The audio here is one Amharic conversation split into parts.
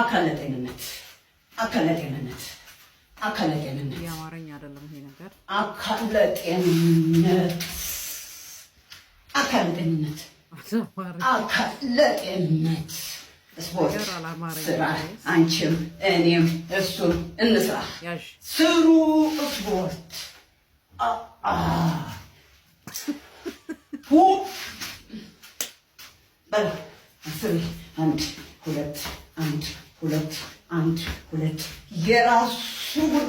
አካለ ጤንነት አካለ ጤንነት አካለ ጤንነት የአማርኛ አይደለም ይሄ ነገር አካለ ጤንነት አካለ ጤንነት አካለ ጤንነት ስፖርት ስራ፣ አንቺም እኔም እሱን እንስራ፣ ስሩ ስፖርት ሁ አንድ ሁለት አንድ ሁለት አንድ ሁለት የራሱ ጉዳይ።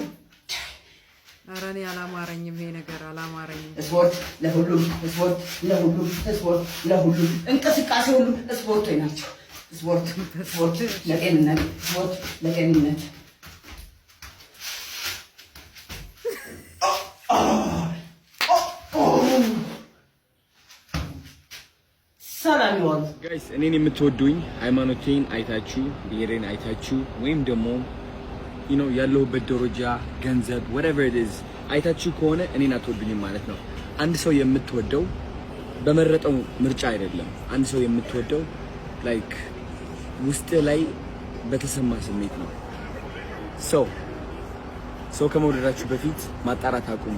ኧረ እኔ አላማረኝም፣ ይሄ ነገር አላማረኝም። ስፖርት ለሁሉም ስፖርት ለሁሉም ስፖርት ለሁሉም እንቅስቃሴ ሁሉም ስፖርት ናቸው። ስፖርት ስፖርት ለጤንነት ስፖርት ለጤንነት ሰላም ይሆኑ። ጋይስ እኔን የምትወዱኝ ሃይማኖቴን አይታችሁ ብሔሬን አይታችሁ ወይም ደግሞ ነው ያለሁበት ደረጃ ገንዘብ whatever it አይታችሁ ከሆነ እኔን አትወዱኝም ማለት ነው። አንድ ሰው የምትወደው በመረጠው ምርጫ አይደለም። አንድ ሰው የምትወደው ላይክ ውስጥ ላይ በተሰማ ስሜት ነው። ሰው ሰው ከመውደዳችሁ በፊት ማጣራት አቁሙ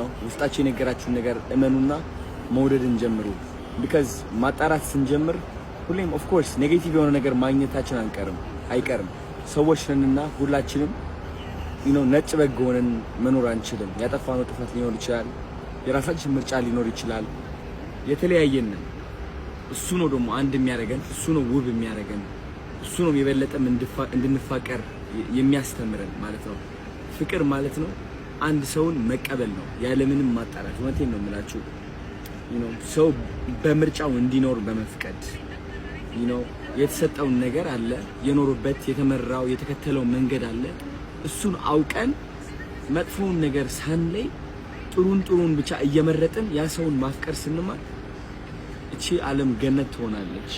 ነው። ውስጣችሁ የነገራችሁን ነገር እመኑና መውደድን ጀምሩ። ቢካዝ ማጣራት ስንጀምር ሁሌም ኦፍ ኮርስ ኔጌቲቭ የሆነ ነገር ማግኘታችን አንቀርም አይቀርም። ሰዎች ነንና ሁላችንም ነው ነጭ በግ ሆነን መኖር አንችልም። ያጠፋነው ጥፋት ሊኖር ይችላል። የራሳችን ምርጫ ሊኖር ይችላል። የተለያየን እሱ ነው ደግሞ አንድ የሚያደርገን እሱ ነው ውብ የሚያደርገን እሱ ነው የበለጠም እንድንፋቀር የሚያስተምረን ማለት ነው። ፍቅር ማለት ነው አንድ ሰውን መቀበል ነው ያለምንም ማጣራት። እውነቴን ነው የምላችሁ። ሰው በምርጫው እንዲኖር በመፍቀድ የተሰጠውን ነገር አለ፣ የኖሩበት የተመራው የተከተለው መንገድ አለ። እሱን አውቀን መጥፎውን ነገር ሳንለይ ጥሩን ጥሩን ብቻ እየመረጥን ያ ሰውን ማፍቀር ስንማር እቺ ዓለም ገነት ትሆናለች።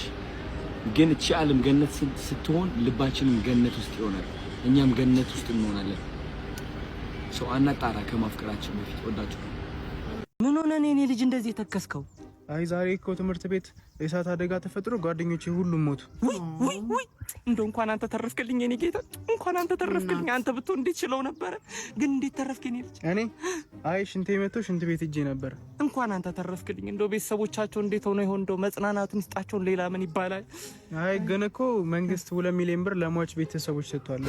ግን እቺ ዓለም ገነት ስትሆን ልባችንም ገነት ውስጥ ይሆናል፣ እኛም ገነት ውስጥ እንሆናለን። ሰው አናጣራ ከማፍቀራችን በፊት ወዳችሁ ምን ሆነ ነው የኔ ልጅ እንደዚህ የተከስከው? አይ ዛሬ እኮ ትምህርት ቤት የእሳት አደጋ ተፈጥሮ ጓደኞቼ ሁሉም ሞቱ። ውይ ውይ፣ እንደው እንኳን አንተ ተረፍክልኝ የኔ ጌታ፣ እንኳን አንተ ተረፍክልኝ። አንተ ብትሆን እንዴት ችለው ነበረ፣ ግን እንዴት ተረፍክ የኔ ልጅ? እኔ አይ ሽንቴ መቶ ሽንት ቤት እጄ ነበር። እንኳን አንተ ተረፍክልኝ። እንደው ቤተሰቦቻቸው እንዴት ሆነው ይሆን? እንደው መጽናናቱን ይስጣቸውን። ሌላ ምን ይባላል? አይ ግን እኮ መንግስት ሁለት ሚሊዮን ብር ለሟች ቤተሰቦች ሰጥቷል።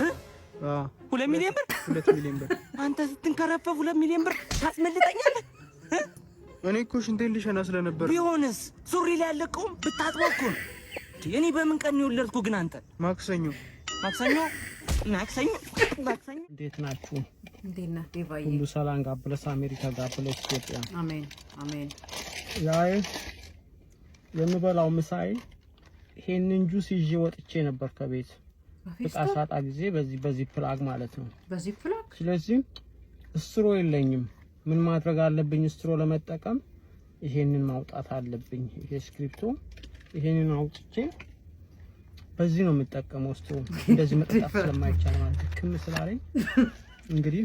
ሁለት ሚሊዮን ብር፣ ሁለት ሚሊዮን ብር። አንተ ስትንከረፈፍ ሁለት ሚሊዮን ብር ታስመልጠኛለህ? እኔ እኮ ሽንቴን ልሸና ስለነበር ቢሆንስ ሱሪ ላይ ያለቀውም ብታጥበው እኮ እኔ በምን ቀን የወለድኩ? ግን አንተ ማክሰኞ ማክሰኞ ማክሰኞ ማክሰኞ። እንዴት ናችሁ? እንዴት ነህ ዴቫዬ? ሁሉ ሰላም? ጋር ብለስ አሜሪካ፣ ጋር ብለስ ኢትዮጵያ። አሜን አሜን። ያይ የምበላው ምሳይ ይሄንን ጁስ ይዤ ወጥቼ ነበር ከቤት ዕቃ ሳጣ ጊዜ በዚህ በዚህ ፕላግ ማለት ነው። በዚህ ፕላግ። ስለዚህ እስሮ የለኝም ምን ማድረግ አለብኝ? ስትሮ ለመጠቀም ይሄንን ማውጣት አለብኝ። ይሄ ስክሪፕቱ ይሄንን አውጥቼ በዚህ ነው የምጠቀመው። ስትሮ እንደዚህ መጠጣት ስለማይቻል ማለት ክም ስላለኝ እንግዲህ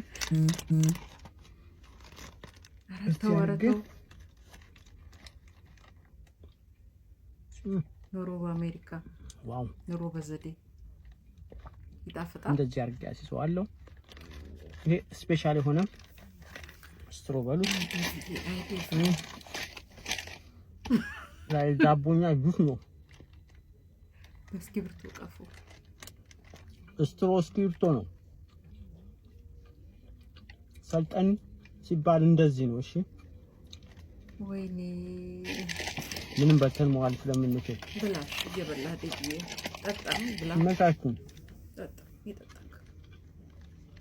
ኑሮ በአሜሪካ ዋው! ኑሮ በዘዴ ይጣፍጣል። እንደዚህ አድርጌ አስይዘዋለሁ። ይሄ ስፔሻል የሆነ ስትሮበሉ ላይ ዳቦኛ ጁስ ነው። በእስክሪብቶ ቀፎ ስትሮ እስክሪብቶ ነው። ሰልጠን ሲባል እንደዚህ ነው። እሺ፣ ወይኔ ምንም በተን መዋል ስለምንችል ብላሽ እየበላ ደግዬ ጠጣም ብላ መታችሁ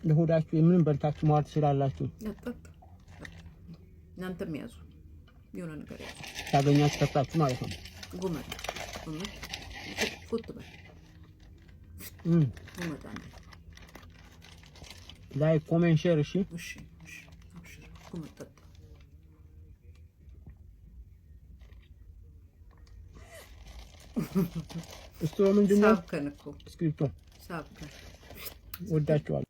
ለሆዳችሁ የምንም በልታችሁ መዋል ትችላላችሁ። እናንተም ያዙ፣ የሆነ ነገር ያዙ። ታገኛችሁ ከፍታችሁ ማለት ነው። ጉመጣ ቁጥበል ጉመጣ ላይ ኮሜንት ሼር። እሺ፣ እሺ፣ እሺ፣ ጉመጣ እሱ ምንድን ነው? ሳብከን እኮ እስክሪብቶ ሳብከን ወዳችኋል።